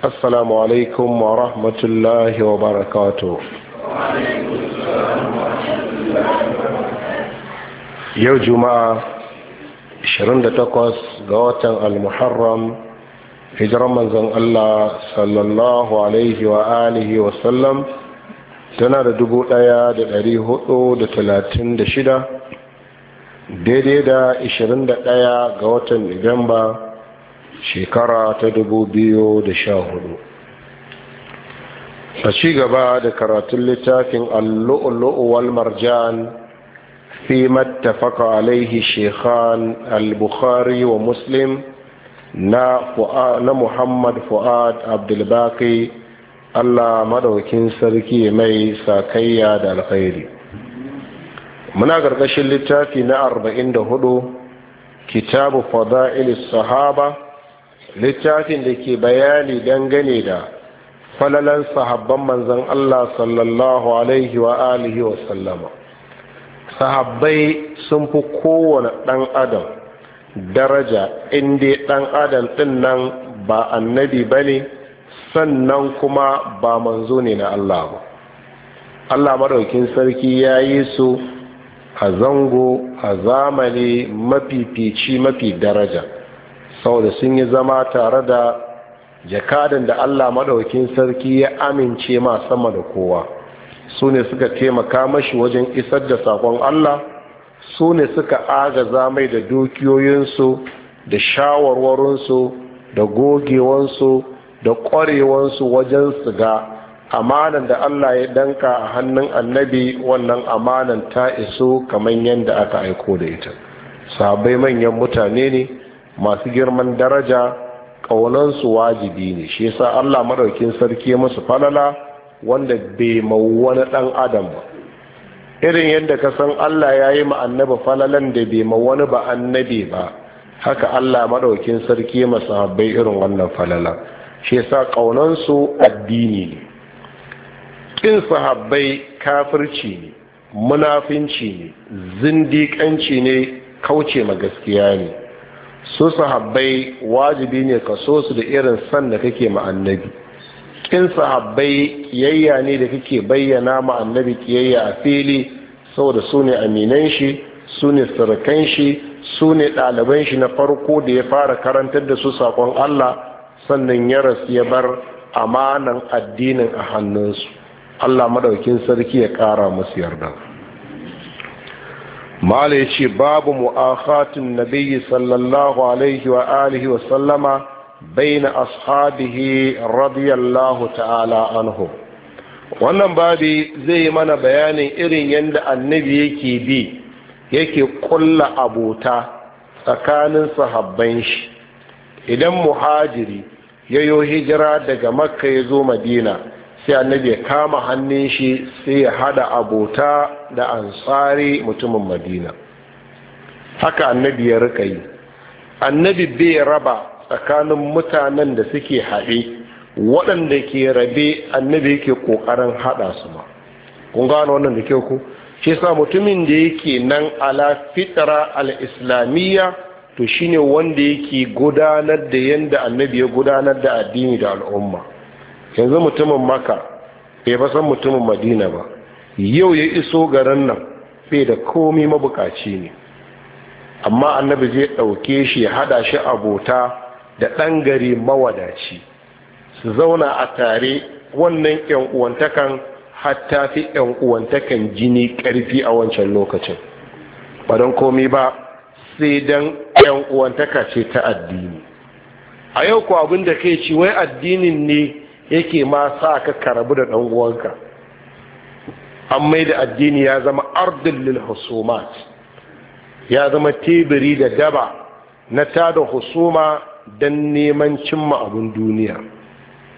assalamu alaikum wa rahmatullahi wa barakatu yau juma'a 28 ga watan al-muharram hijiran manzon Allah sallallahu alaihi wa alihi wa sallam tana da dubu ɗaya da da ɗari talatin shida daidai da 21 ga watan nuwamba shekara ta dubu biyu da sha hudu. a ci gaba da karatun littafin allu'ulu'u wal fi mattafaka alaihi shekhan al-bukhari wa muslim na muhammad fu'ad abdulbaki allah madaukin sarki mai sakayya da alkhairi muna ƙarƙashin littafi na 44 kitabu fada'ilis sahaba littafin da ke bayani dangane da falalan sahabban manzan Allah sallallahu alaihi wa alihi wa sallama sahabbai sun fi kowane ɗan adam daraja inda ɗan adam ɗin nan ba annabi ba ne sannan kuma ba manzo ne na Allah ba Allah maɗaukin sarki ya yi su a zango a zamani mafifici mafi daraja saboda sun yi zama tare da jakadin da Allah maɗaukin sarki ya amince ma sama da kowa su ne suka taimaka mashi wajen isar da sakon Allah su ne suka agaza mai da dukiyoyinsu da shawarwarinsu da gogewansu da ƙwarewansu wajen su ga amanan da Allah ya danka a hannun annabi wannan amanan ta iso kamar yadda aka aiko da ita sabai manyan mutane ne masu girman daraja ƙaunansu wajibi ne shi yasa Allah maraukin sarki musu falala wanda bai ma wani ɗan adam ba irin yadda ka san Allah ya yi annabi falalan da bai ma wani ba annabi ba haka Allah maɗaukin sarki masu habbai irin wannan falala shi sa ƙaunansu addini ne ƙin sahabbai kafirci ne munafinci ne zindiƙanci ne kauce ma gaskiya ne su sahabbai wajibi ne ka so su da irin san da kake ma annabi kin sahabbai kiyayya ne da kake bayyana ma'annabi kiyayya a fili saboda su ne aminan shi su ne surukan shi su ne ɗaliban shi na farko da ya fara karantar da su saƙon Allah sannan ya rasu ya bar amanan addinin a hannunsu Allah madaukin sarki ya ƙara musu yarda mala ya ce babu mu'akhatun nabiyyi sallallahu alaihi wa alihi wa sallama baina ashabihi radiyallahu ta'ala anhu wannan babi zai yi mana bayanin irin yadda annabi yake bi yake kulla abota tsakanin sahabban shi idan muhajiri ya yi hijira daga makka ya zo madina sai annabi ya kama hannun shi sai ya hada abota da ansari mutumin madina haka annabi ya rika yi annabi bai raba tsakanin mutanen da suke haɗe waɗanda ke rabe annabi yake ƙoƙarin haɗa su ma kun gano wannan da kyau ku shi sa mutumin da yake nan ala fitra al-islamiyya to shine wanda yake gudanar da yanda annabi ya gudanar da addini da al'umma yanzu mutumin maka bai ba mutumin madina ba yau ya iso garin nan bai da komi mabukaci ne amma annabi zai ɗauke shi ya haɗa shi abota da ɗan gari mawadaci su zauna a tare wannan yan uwantakan hatta fi yan uwantakan jini karfi a wancan lokacin ba don komi ba sai don yan uwantaka ce ta addini a yau ku abin da kai ci wai addinin ne yake ma sa ka karabu da ɗan uwanka an mai da addini ya zama ardin lil husumat ya zama tebiri da daba na tada husuma don neman cimma abin duniya